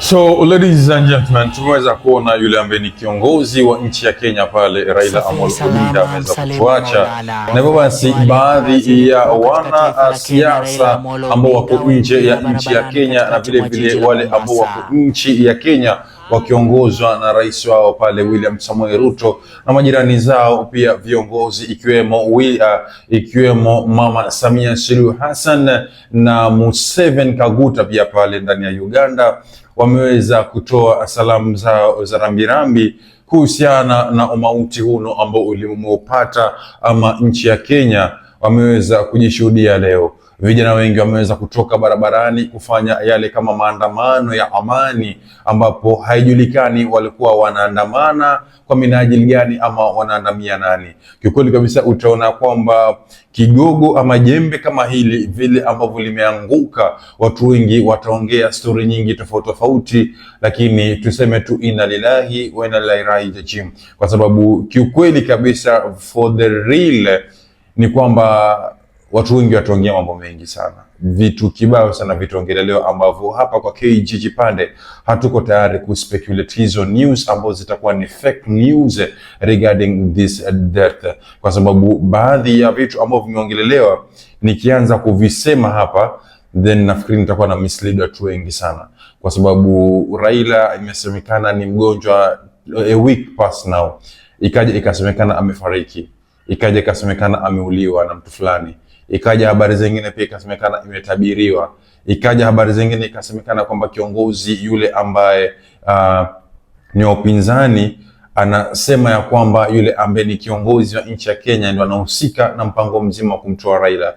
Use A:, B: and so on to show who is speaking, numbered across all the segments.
A: So ladies and gentlemen, tumeweza kuona yule ambaye ni kiongozi wa nchi ya Kenya pale Raila Amolo Odinga ameweza kutuacha, na hivyo basi baadhi ya wana siasa ambao wako nje ya nchi ya Kenya na vile vile wale ambao wako nchi ya Kenya wakiongozwa na rais wao pale William Samoei Ruto na majirani zao pia viongozi ikiwemo uh, ikiwemo Mama Samia Suluhu Hassan na Museveni Kaguta pia pale ndani ya Uganda wameweza kutoa salamu zao za rambirambi kuhusiana na umauti huno ambao ulimeupata ama nchi ya Kenya wameweza kujishuhudia leo. Vijana wengi wameweza kutoka barabarani kufanya yale kama maandamano ya amani, ambapo haijulikani walikuwa wanaandamana kwa minajili gani ama wanaandamia nani. Kiukweli kabisa utaona kwamba kigogo ama jembe kama hili vile ambavyo limeanguka, watu wengi wataongea stori nyingi tofauti tofauti, lakini tuseme tu inna lillahi wa inna ilaihi rajiun, kwa sababu kiukweli kabisa for the real ni kwamba watu wengi wataongea mambo mengi sana, vitu kibao sana vitaongelelewa, ambavyo hapa kwa KG Kipande hatuko tayari ku speculate hizo news ambazo zitakuwa ni fake news regarding this death, kwa sababu baadhi ya vitu ambavyo vimeongelelewa nikianza kuvisema hapa then nafikiri nitakuwa na mislead watu wengi sana, kwa sababu Raila imesemekana ni mgonjwa eh, a week past now, ikaja ikasemekana amefariki, ikaja ikasemekana ameuliwa na mtu fulani Ikaja habari zingine pia ikasemekana imetabiriwa. Ikaja habari zingine ikasemekana kwamba kiongozi yule ambaye uh, ni wa upinzani anasema ya kwamba yule ambaye ni kiongozi wa nchi ya Kenya ndio anahusika na mpango mzima wa kumtoa Raila.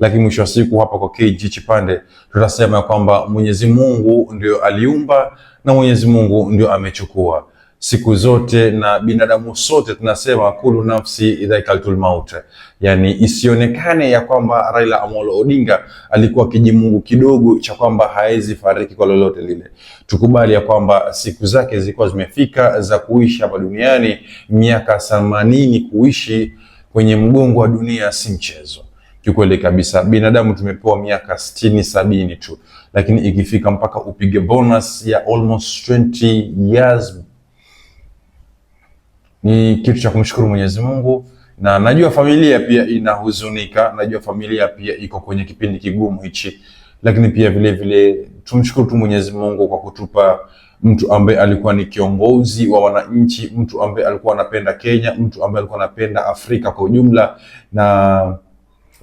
A: Lakini mwisho wa siku hapa kwa KG Chipande tutasema ya kwamba Mwenyezi Mungu ndio aliumba na Mwenyezi Mungu ndio amechukua siku zote na binadamu sote tunasema kulu nafsi dhaikatul maut, yani isionekane ya kwamba Raila Amolo Odinga alikuwa kijimungu kidogo cha kwamba hawezi fariki kwa lolote lile. Tukubali ya kwamba siku zake zilikuwa zimefika za kuishi hapa duniani, miaka themanini kuishi kwenye mgongo wa dunia si mchezo. Kiukweli kabisa, binadamu tumepewa miaka sitini sabini tu, lakini ikifika mpaka upige bonus ya almost 20 years ni kitu cha kumshukuru Mwenyezi Mungu, na najua familia pia inahuzunika, najua familia pia iko kwenye kipindi kigumu hichi, lakini pia vile vile tumshukuru tu Mwenyezi Mungu kwa kutupa mtu ambaye alikuwa ni kiongozi wa wananchi, mtu ambaye alikuwa anapenda Kenya, mtu ambaye alikuwa anapenda Afrika kwa ujumla. Na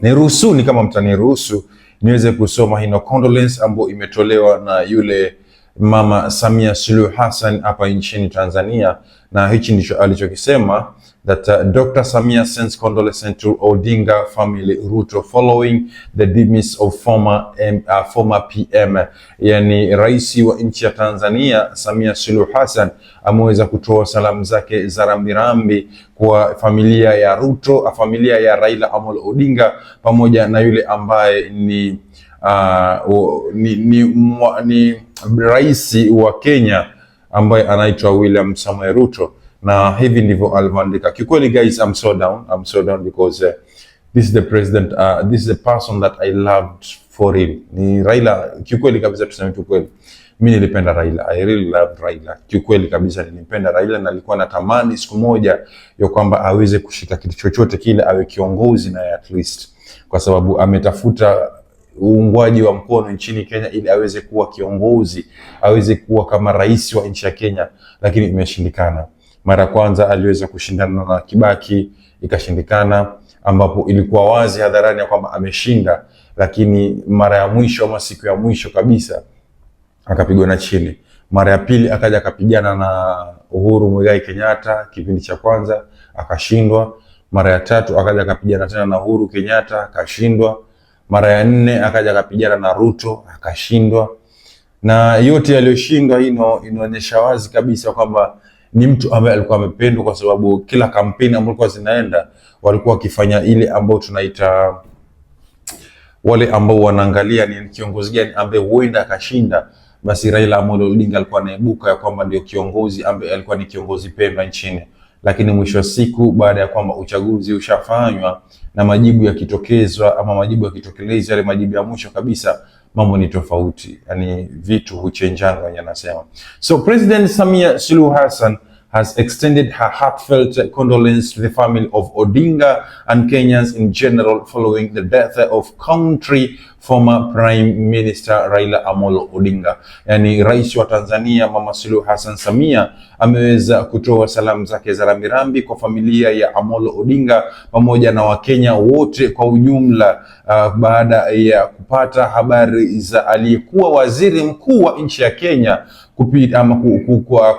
A: niruhusuni kama mtaniruhusu niweze kusoma hino condolence ambayo imetolewa na yule Mama Samia Suluhu Hassan hapa nchini Tanzania, na hichi ndicho alichokisema that uh, Dr. Samia sends condolences to Odinga family Ruto following the demise of former, M, uh, former PM. Yani, rais wa nchi ya Tanzania Samia Suluhu Hassan ameweza kutoa salamu zake za rambirambi kwa familia ya Ruto, uh, familia ya Raila Amolo Odinga pamoja na yule ambaye ni, uh, ni, ni, mwa, ni rais wa Kenya ambaye anaitwa William Samoei Ruto, na hivi ndivyo alivyoandika. Kikweli guys, I'm so down, I'm so down because uh, this is the president uh, this is the person that I loved for him. Ni Raila kikweli kabisa, tuseme tu kweli, mimi nilipenda Raila. I really loved Raila. Kikweli kabisa nilipenda Raila na nilikuwa natamani siku moja ya kwamba aweze kushika kitu chochote kile awe kiongozi naye at least, kwa sababu ametafuta uungwaji wa mkono nchini Kenya ili aweze kuwa kiongozi, aweze kuwa kama rais wa nchi ya Kenya, lakini imeshindikana. Mara ya kwanza aliweza kushindana na Kibaki ikashindikana, ambapo ilikuwa wazi hadharani ya kwamba ameshinda, lakini mara ya mwisho ama siku ya mwisho kabisa akapigwa na chini. Mara ya pili akaja akapigana na Uhuru Muigai Kenyatta kipindi cha kwanza akashindwa. Mara ya tatu akaja akapigana tena na Uhuru Kenyatta akashindwa mara ya nne akaja akapigana na Ruto akashindwa, na yote yaliyoshindwa, hii inaonyesha wazi kabisa kwamba ni mtu ambaye alikuwa amependwa, kwa sababu kila kampeni ambayo alikuwa zinaenda walikuwa wakifanya ile ambayo tunaita wale ambao wanaangalia ni kiongozi gani ambaye huenda akashinda. Basi Raila Amolo Odinga alikuwa anaibuka ya kwamba ndio kiongozi ambaye alikuwa ni kiongozi pemba nchini lakini mwisho wa siku, baada ya kwamba uchaguzi ushafanywa na majibu yakitokezwa ama majibu yakitokelezwa yale majibu ya mwisho kabisa, mambo ni tofauti, yani vitu huchenjana, wenye anasema. So President Samia Suluhu Hassan has extended her heartfelt condolence to the family of Odinga and Kenyans in general following the death of country former Prime Minister Raila Amolo Odinga. yani rais wa Tanzania Mama Suluhu Hassan Samia ameweza kutoa salamu zake za rambirambi kwa familia ya Amolo Odinga pamoja na Wakenya wote kwa ujumla, uh, baada ya kupata habari za aliyekuwa waziri mkuu wa nchi ya Kenya kupita ama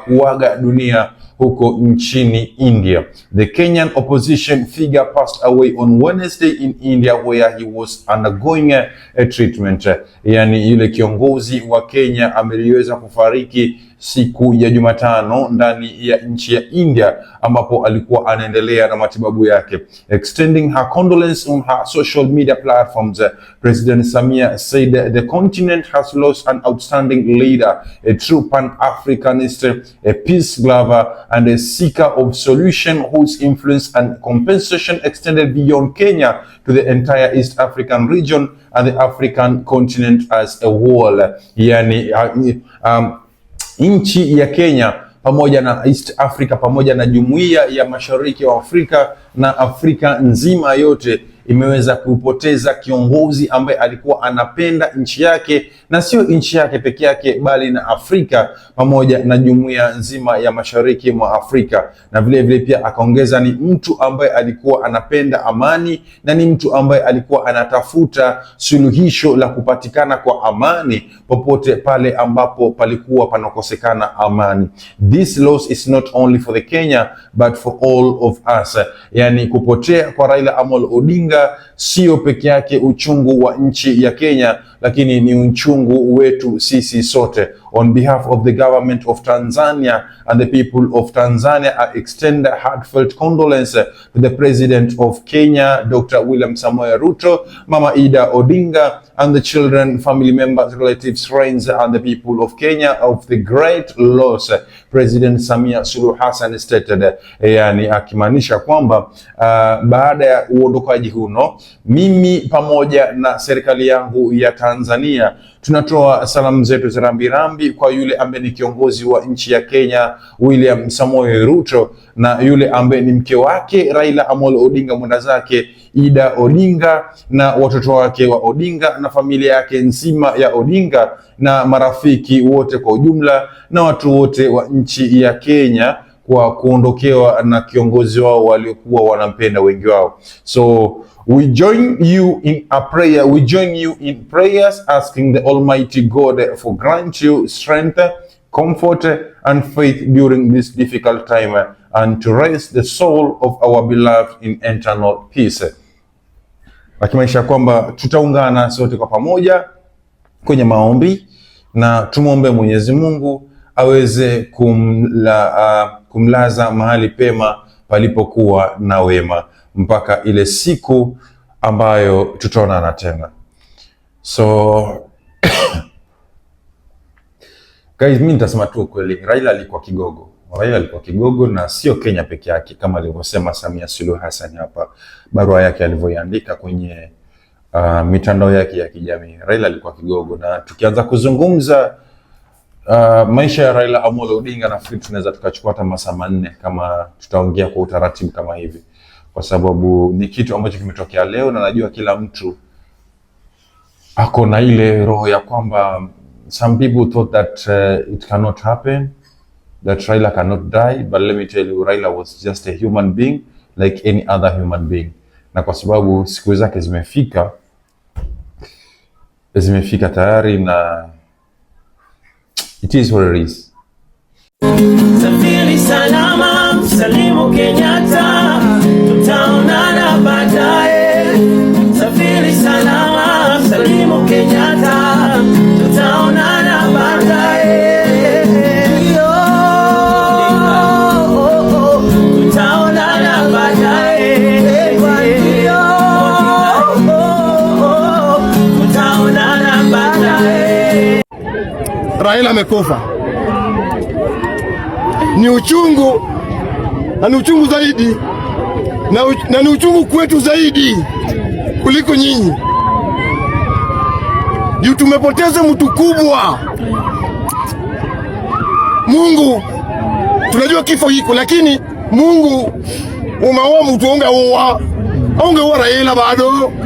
A: kuaga dunia huko nchini India. The Kenyan opposition figure passed away on Wednesday in India where he was undergoing a, a treatment. Yani yule kiongozi wa Kenya ameliweza kufariki siku ya Jumatano ndani ya nchi ya India ambapo alikuwa anaendelea na matibabu yake. Extending her condolence on her social media platforms, President Samia said the continent has lost an outstanding leader, a true pan-Africanist, a peace lover and a seeker of solution whose influence and compensation extended beyond Kenya to the entire East African region and the African continent as a whole. Yani, uh, um, nchi ya Kenya pamoja na East Africa pamoja na jumuiya ya Mashariki wa Afrika na Afrika nzima yote imeweza kupoteza kiongozi ambaye alikuwa anapenda nchi yake na sio nchi yake peke yake, bali na Afrika pamoja na jumuiya nzima ya mashariki mwa Afrika. Na vile vile pia akaongeza, ni mtu ambaye alikuwa anapenda amani na ni mtu ambaye alikuwa anatafuta suluhisho la kupatikana kwa amani popote pale ambapo palikuwa panakosekana amani. This loss is not only for the Kenya but for all of us, yani kupotea kwa Raila Amolo Odinga Afrika sio peke yake uchungu wa nchi ya Kenya lakini ni uchungu wetu sisi sote. On behalf of the government of Tanzania and the people of Tanzania I extend a heartfelt condolence to the president of Kenya Dr. William Samoei Ruto, Mama Ida Odinga and the children, family members, relatives, friends and the people of Kenya of the great loss President Samia Suluhu Hassan stated. yani akimaanisha kwamba uh, baada ya uondokaji huno mimi pamoja na serikali yangu ya Tanzania. Tunatoa salamu zetu za rambirambi kwa yule ambaye ni kiongozi wa nchi ya Kenya William Samoei Ruto na yule ambaye ni mke wake Raila Amolo Odinga, mwenda zake Ida Odinga na watoto wake wa Odinga na familia yake nzima ya Odinga na marafiki wote kwa ujumla na watu wote wa nchi ya Kenya kwa kuondokewa na kiongozi wao waliokuwa wanampenda wengi wao. So we join you in a prayer, we join you in prayers asking the Almighty God for grant you strength, comfort and faith during this difficult time and to raise the soul of our beloved in eternal peace. Akimaanisha kwamba tutaungana sote kwa pamoja kwenye maombi na tumwombe Mwenyezi Mungu aweze kumla, uh, kumlaza mahali pema palipokuwa na wema mpaka ile siku ambayo tutaonana tena. So guys, mi nitasema tu kweli, Raila alikuwa kigogo. Raila alikuwa kigogo na sio Kenya peke yake, kama alivyosema Samia Suluhu Hassan hapa barua yake alivyoiandika kwenye uh, mitandao yake ya kijamii. Raila alikuwa kigogo, na tukianza kuzungumza Uh, maisha ya Raila Amolo Odinga na nafikiri tunaweza tukachukua hata masaa manne kama tutaongea kwa utaratibu kama hivi, kwa sababu ni kitu ambacho kimetokea leo, na najua kila mtu ako na ile roho ya kwamba some people thought that uh, it cannot happen that Raila cannot die but let me tell you Raila was just a human being like any other human being, na kwa sababu siku zake zimefika zimefika tayari na It is what it is. Safiri salama, msalimu Kenyatta, tutaonana baadaye.
B: tena amekufa ni uchungu na ni uchungu zaidi na, na ni uchungu kwetu zaidi kuliko nyinyi juu tumepoteza mtu kubwa. Mungu, tunajua kifo hiko, lakini Mungu umaua mtu ongeua ongeua Raila bado.